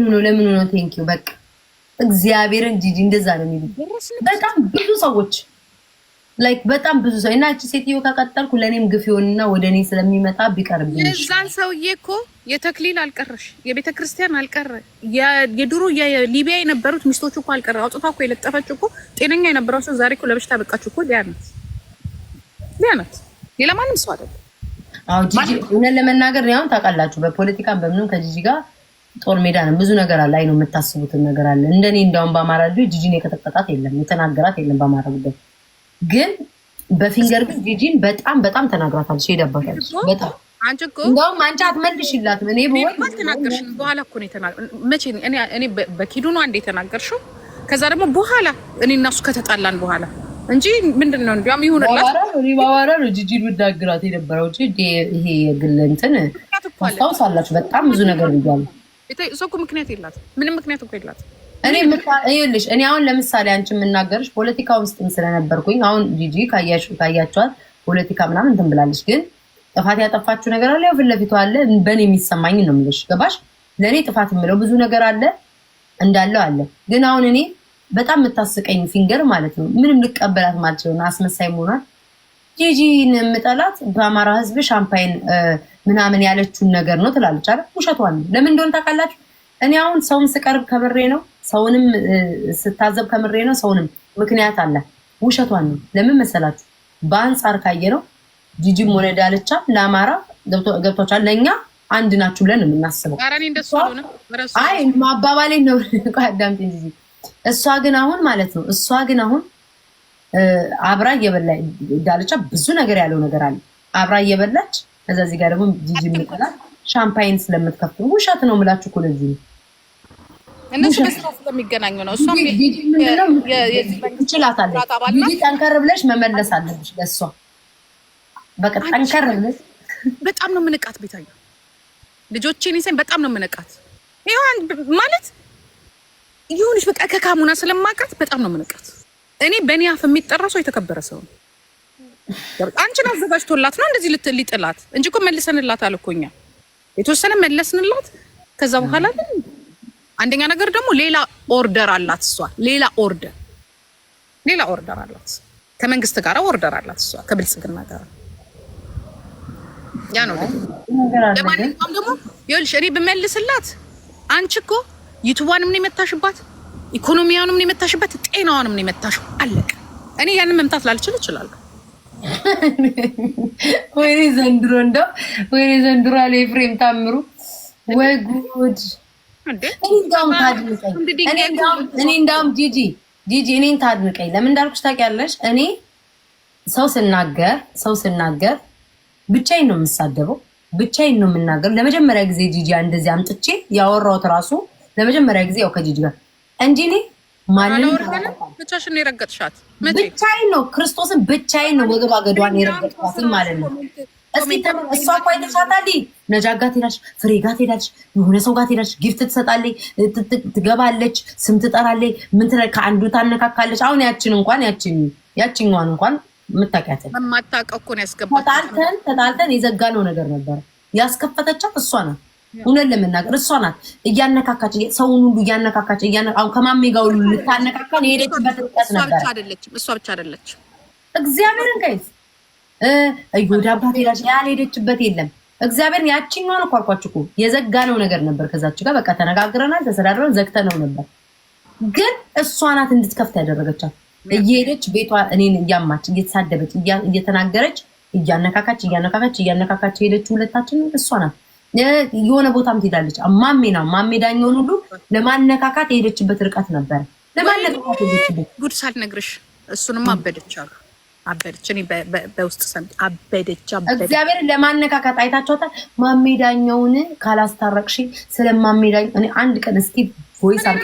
ምን ነው ለምን ነው ቴንክ ዩ በቃ እግዚአብሔርን ጂጂ እንደዛ ነው የሚሉ በጣም ብዙ ሰዎች ላይክ በጣም ብዙ ሰው እና እቺ ሴትዮ ካቀጠልኩ ለእኔም ግፍ ይሆንና ወደ እኔ ስለሚመጣ ቢቀርብ እዛን ሰውዬ እኮ የተክሊል አልቀረሽ የቤተ ክርስቲያን አልቀረ የድሮ የሊቢያ የነበሩት ሚስቶች እኮ አልቀረ አውጥታ እኮ የለጠፈች እኮ ጤነኛ የነበረው ሰው ዛሬ እኮ ለበሽታ በቃች እኮ ሊያ ናት ሊያ ናት ሌላ ማንም ሰው አደለ አዎ ጂጂ እውነት ለመናገር እኔ አሁን ታውቃላችሁ በፖለቲካም በምንም ከጂጂ ጋር ጦር ሜዳ ነው። ብዙ ነገር አለ። አይ ነው የምታስቡትን ነገር አለ። እንደኔ እንዲያውም በአማራ ልጆች ጂጂን የቀጠቀጣት የለም የተናገራት የለም። በአማራ ጉዳይ ግን በፊንገር ግን ጂጂን በጣም በጣም ተናግራታለች። ሄዳባታለች በጣም እንደውም አንቺ አትመልሽላትም። እኔ አልተናገርሽም። በኋላ እኮ መቼ እኔ በኪዱ ነው አንዴ የተናገርሽው። ከዛ ደግሞ በኋላ እኔ እና እሱ ከተጣላን በኋላ እንጂ ምንድን ነው እንዲያውም ይሁንላት። እኔ ነው ጂጂን የምናግራት የነበረው እንጂ ይሄ የግል እንትን ታስታውሳላችሁ። በጣም ብዙ ነገር ብያለሁ እሷ እኮ ምክንያት የላት ምንም ምክንያት እኮ የላት። እኔ ይኸውልሽ፣ እኔ አሁን ለምሳሌ አንቺ የምናገርሽ ፖለቲካ ውስጥም ስለነበርኩኝ አሁን ጂጂ ካያቸዋት ፖለቲካ ምናምን እንትን ብላለች፣ ግን ጥፋት ያጠፋችው ነገር አለ፣ ያው ፊት ለፊቱ አለ። በእኔ የሚሰማኝ ነው የምልሽ፣ ገባሽ? ለእኔ ጥፋት የምለው ብዙ ነገር አለ እንዳለው አለ። ግን አሁን እኔ በጣም የምታስቀኝ ፊንገር ማለት ነው ምንም ልቀበላት ማለት ነው አስመሳይ መሆኗል። ጂጂን የምጠላት በአማራ ህዝብ ሻምፓይን ምናምን ያለችውን ነገር ነው ትላለች አይደል? ውሸቷን ነው። ለምን እንደሆነ ታውቃላችሁ? እኔ አሁን ሰውን ስቀርብ ከምሬ ነው፣ ሰውንም ስታዘብ ከምሬ ነው። ሰውንም ምክንያት አለ። ውሸቷን ነው። ለምን መሰላችሁ? በአንጻር ካየ ነው ጂጂም ሆነ ዳልቻ ለአማራ ገብቷቸዋል። ለእኛ አንድ ናችሁ ብለን የምናስበው። አይ ማባባሌ ነው። አዳምጪ እሷ ግን አሁን ማለት ነው እሷ ግን አሁን አብራ እየበላ ዳልቻ ብዙ ነገር ያለው ነገር አለ አብራ እየበላች ከዛ እዚህ ጋር ደግሞ ጂጂ የምንቆላ ሻምፓይን ስለምትከፍቱ ውሸት ነው የምላችሁ እኮ ለዚህ ነው። እነሱ በስራ ስለሚገናኙ ነው። እሷም ጂጂ ጠንከር ብለሽ መመለስ አለብሽ ለእሷ በቃ ጠንከር ብለሽ። በጣም ነው የምንቃት ልጆቼን ይሰኝ በጣም ነው የምንቃት። ይሁን ማለት ይሁንሽ በቃ ከካሙና ስለማቃት በጣም ነው የምንቃት። እኔ በእኔ አፍ የሚጠራ ሰው የተከበረ ሰው ነው። አንቺን አዘጋጅቶላት ነው እንደዚህ ሊጥላት እንጂ እኮ መልሰንላት አልኮኛ የተወሰነ መለስንላት። ከዛ በኋላ ግን አንደኛ ነገር ደግሞ ሌላ ኦርደር አላት እሷ። ሌላ ኦርደር ሌላ ኦርደር አላት ከመንግስት ጋር ኦርደር አላት እሷ ከብልጽግና ጋር ያ ነው። ለማንኛውም ደግሞ ይኸውልሽ እኔ ብመልስላት አንቺ እኮ ዩቱቧንም ነው የመታሽባት፣ ኢኮኖሚያንም ነው የመታሽበት፣ ጤናዋንም ነው የመታሽ። አለቀ። እኔ ያንን መምታት ላልችል እችላለሁ። ወይኔ ዘንድሮ እንደው ወይኔ ዘንድሮ አለ ኤፍሬም ታምሩ። ወይ ጉድ! እኔ እንዳውም ጂጂ ጂጂ እኔን ታድንቀኝ። ለምን እንዳልኩሽ ታውቂያለሽ? እኔ ሰው ስናገር ሰው ስናገር ብቻዬን ነው የምሳደበው፣ ብቻዬን ነው የምናገር። ለመጀመሪያ ጊዜ ጂጂ እንደዚህ አምጥቼ ያወራሁት ራሱ ለመጀመሪያ ጊዜ ያው ከጂጂ ጋር እንጂ እኔ ማንም ብቻሽን የረገጥሻት? ብቻዬን ነው ክርስቶስን ብቻዬን ነው ወገባ አገዷን የረገጥሻት ማለት ነው። እስኪ እሷ እኮ አይተሻታል። ነጃ ጋ ትሄዳለች፣ ፍሬ ጋ ትሄዳለች፣ የሆነ ሰው ጋ ትሄዳለች፣ ጊፍት ትሰጣለች፣ ትገባለች፣ ስም ትጠራለች፣ ምን ከአንዱ ታነካካለች። አሁን ያችን እንኳን ያችን ያችኛዋን እንኳን የምታውቂያትን የማታውቀው እኮ ነው ያስገባችው። ተጣልተን ተጣልተን የዘጋነው ነገር ነበር። ያስከፈተቻት እሷ ናት። እውነት ለመናገር እሷ ናት እያነካካች ሰውን ሁሉ እያነካካች አሁን ከማሜ ጋር ሁሉ ልታነካካን የሄደችበት ጥቀት ነበር። እሷ ብቻ አይደለችም። እግዚአብሔርን ከይዝ እዮድ አባት ሄዳች ያልሄደችበት የለም። እግዚአብሔርን ነው እኳልኳችሁ እኮ ነው ነገር ነበር። ከዛች ጋር በቃ ተነጋግረናል፣ ተሰዳድረን ዘግተ ነው ነበር። ግን እሷ ናት እንድትከፍት ያደረገቻት። እየሄደች ቤቷ እኔን እያማች እየተሳደበች እየተናገረች እያነካካች እያነካካች እያነካካች ሄደች። ሁለታችን እሷ ናት። የሆነ ቦታም ትሄዳለች። ማሜ ነው ማሜ ዳኛውን ሁሉ ለማነካካት የሄደችበት ርቀት ነበረ። ለማነካካት የሄደችበት ጉድ ሳልነግርሽ እሱንም አበደች አሉ አበደች። እኔ በውስጥ ሰምቼ አበደች አበደች። እግዚአብሔርን ለማነካካት አይታችኋታል። ማሜ ዳኘውን ካላስታረቅሽ ስለ ማሜ ዳኛው እኔ አንድ ቀን እስኪ ቮይስ ኧረ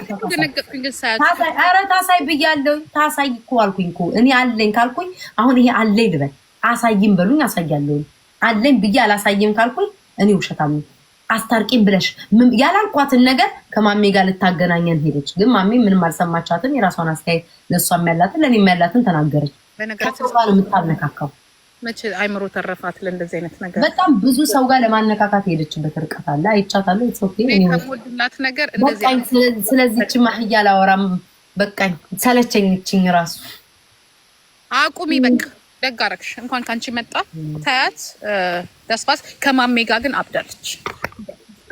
ታሳይ ብያለሁ። ታሳይ እኮ አልኩኝ እኮ እኔ አለኝ ካልኩኝ፣ አሁን ይሄ አለኝ ልበል አሳይም በሉኝ አሳያለሁ። አለኝ ብዬ አላሳይም ካልኩኝ እኔ ውሸታም አስታርቂም ብለሽ ያላልኳትን ነገር ከማሜ ጋር ልታገናኘን ሄደች። ግን ማሜ ምንም አልሰማቻትም። የራሷን አስተያየት ለእሷም ያላትን ለእኔም ያላትን ተናገረች። በነገራችን የምታነካካው መቼ አይምሮ ተረፋት ለእንደዚህ አይነት ነገር። በጣም ብዙ ሰው ጋር ለማነካካት ሄደችበት ርቀት አለ አይቻታለሁ። ሞድላት ነገር ስለዚች ማህያ ላወራም በቃኝ፣ ሰለቸኝችኝ ራሱ አቁሚ በቃ ደግ አረግሽ። እንኳን ከአንቺ መጣ ታያት ደስፋስ። ከማሜ ጋር ግን አብዳለች።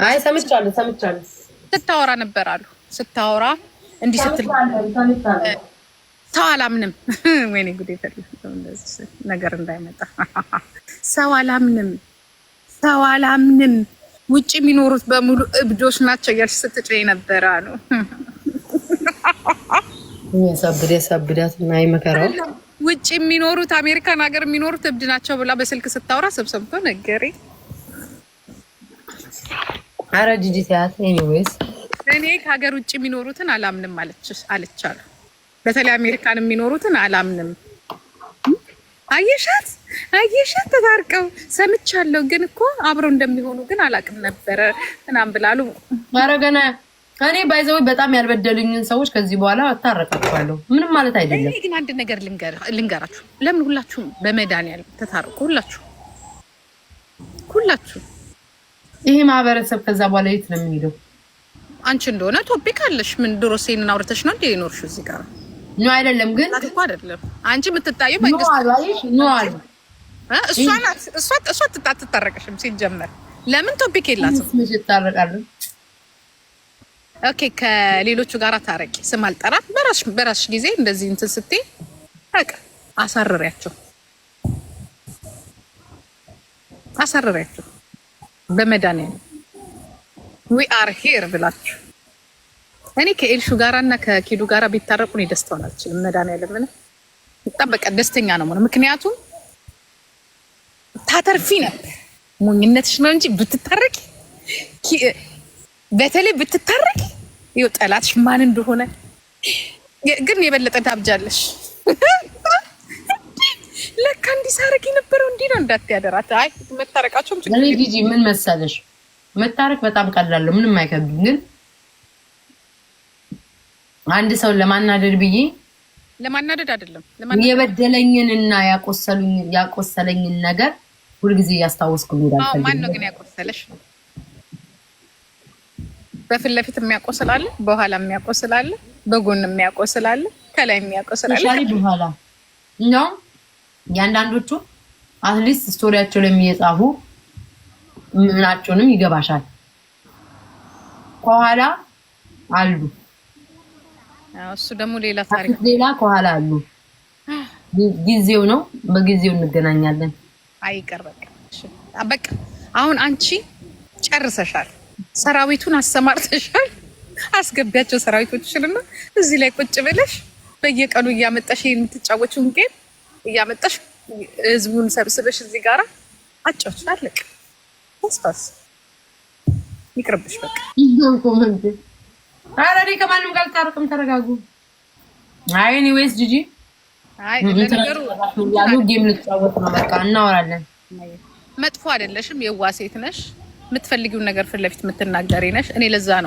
አይ ሰምቻለሁ፣ ሰምቻለሁ ስታወራ ነበር አሉ ስታወራ እንዲህ ስትል ሰው አላምንም። ወይኔ ጉዴ! ነገር እንዳይመጣ ሰው አላምንም፣ ሰው አላምንም፣ ውጭ የሚኖሩት በሙሉ እብዶች ናቸው እያልሽ ስትጭ ነበረ አሉ። ሰብደ ሰብዳት ና መከራው ውጭ የሚኖሩት አሜሪካን ሀገር የሚኖሩት እብድ ናቸው ብላ በስልክ ስታወራ ሰብሰብቶ ነገሬ። አረ ጂጂ ሲያት ኤኒዌይስ እኔ ከሀገር ውጭ የሚኖሩትን አላምንም አለቻሉ። በተለይ አሜሪካን የሚኖሩትን አላምንም። አየሻት አየሻት፣ ተታርቀው ሰምቻለሁ፣ ግን እኮ አብረው እንደሚሆኑ ግን አላቅም ነበረ ምናምን ብላሉ። አረ ገና እኔ ባይዘው በጣም ያልበደሉኝን ሰዎች ከዚህ በኋላ አታረቃቸዋለሁ። ምንም ማለት አይደለም። ግን አንድ ነገር ልንገራችሁ። ለምን ሁላችሁ በመድኃኒዓለም ተታረቁ? ሁላችሁ ሁላችሁ። ይሄ ማህበረሰብ ከዛ በኋላ የት ነው የምንሄደው? አንቺ እንደሆነ ቶፒክ አለሽ። ምን ድሮ ሴንን አውርተሽ ነው እንደ የኖርሽ እዚህ ጋር ኖ አይደለም? ግን አይደለም አንቺ የምትታየው መንግስት ነው አሉ እሷ ናት። እሷ ትታረቀሽም ሲጀመር ለምን ቶፒክ የላትም? ታረቃለን ኦኬ ከሌሎቹ ጋር ታረቂ። ስም አልጠራም። በራሽ በራሽ ጊዜ እንደዚህ እንትን ስትይ ረቅ አሳርሪያቸው፣ አሳርሪያቸው በመዳን ዊ አር ሄር ብላችሁ እኔ ከኤልሹ ጋራ እና ከኪዱ ጋራ ቢታረቁ ነው ደስታውን አልችልም። መዳን ያለ በቃ ደስተኛ ነው ሆነ። ምክንያቱም ታተርፊ ነበር። ሞኝነትሽ ነው እንጂ ብትታረቂ በተለይ ብትታረቅ ይኸው ጠላትሽ ማን እንደሆነ ግን የበለጠ ታብጃለሽ። ለካ እንዲህ ሳረግ የነበረው እንዲህ ነው እንዳትያደራት። አይ መታረቃቸውም እኔ ጊዜ ምን መሰለሽ መታረቅ በጣም ቀላለሁ፣ ምንም አይከብድም። ግን አንድ ሰው ለማናደድ ብዬ ለማናደድ አይደለም የበደለኝንና ያቆሰለኝን ነገር ሁልጊዜ እያስታወስኩ ሄዳል። ማን ነው ግን ያቆሰለሽ? በፊት ለፊት የሚያቆስል ስላለ በኋላ የሚያቆስል ስላለ በጎን የሚያቆስል ስላለ ከላይ የሚያቆስል ስላለ በኋላ እንደውም የአንዳንዶቹ አትሊስት ስቶሪያቸው ላይ የሚጻፉ ምናቸውንም ይገባሻል። ከኋላ አሉ። እሱ ደግሞ ሌላ ታሪክ፣ ሌላ ከኋላ አሉ። ጊዜው ነው፣ በጊዜው እንገናኛለን። አይቀር በቃ። አሁን አንቺ ጨርሰሻል። ሰራዊቱን አሰማርተሻል። አስገቢያቸው ሰራዊቶችሽን እና እዚህ ላይ ቁጭ ብለሽ በየቀኑ እያመጣሽ የምትጫወችውን ጌም እያመጣሽ ህዝቡን ሰብስበሽ እዚህ ጋር አጫዎች አለቅ ስፋስ ይቅርብሽ። በቃ ኧረ እኔ ከማንም ጋር ልታርቅም፣ ተረጋጉ። አይኒ ኒዌይስ ጂጂ ያሉ ጌም ልትጫወት ነው። በቃ እናወራለን። መጥፎ አይደለሽም፣ የዋ ሴት ነሽ። የምትፈልጊውን ነገር ፊት ለፊት የምትናገሪ ነሽ። እኔ ለዛ ነው